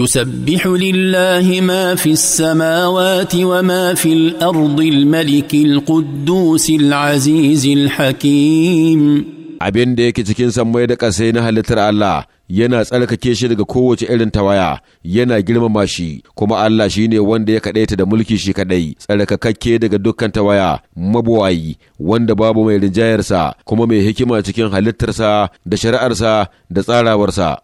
يسبح لله ما في السماوات وما في الارض الملك القدوس العزيز الحكيم abin da yake cikin sammai da ƙasai na halittar Allah yana tsarkake shi daga kowace irin tawaya yana girmama shi kuma Allah shi ne wanda ya kaɗaita da mulki shi kaɗai tsarkakakke daga dukkan tawaya mabuwayi wanda babu mai rinjayarsa kuma mai hikima cikin halittarsa da shari'arsa da tsarawarsa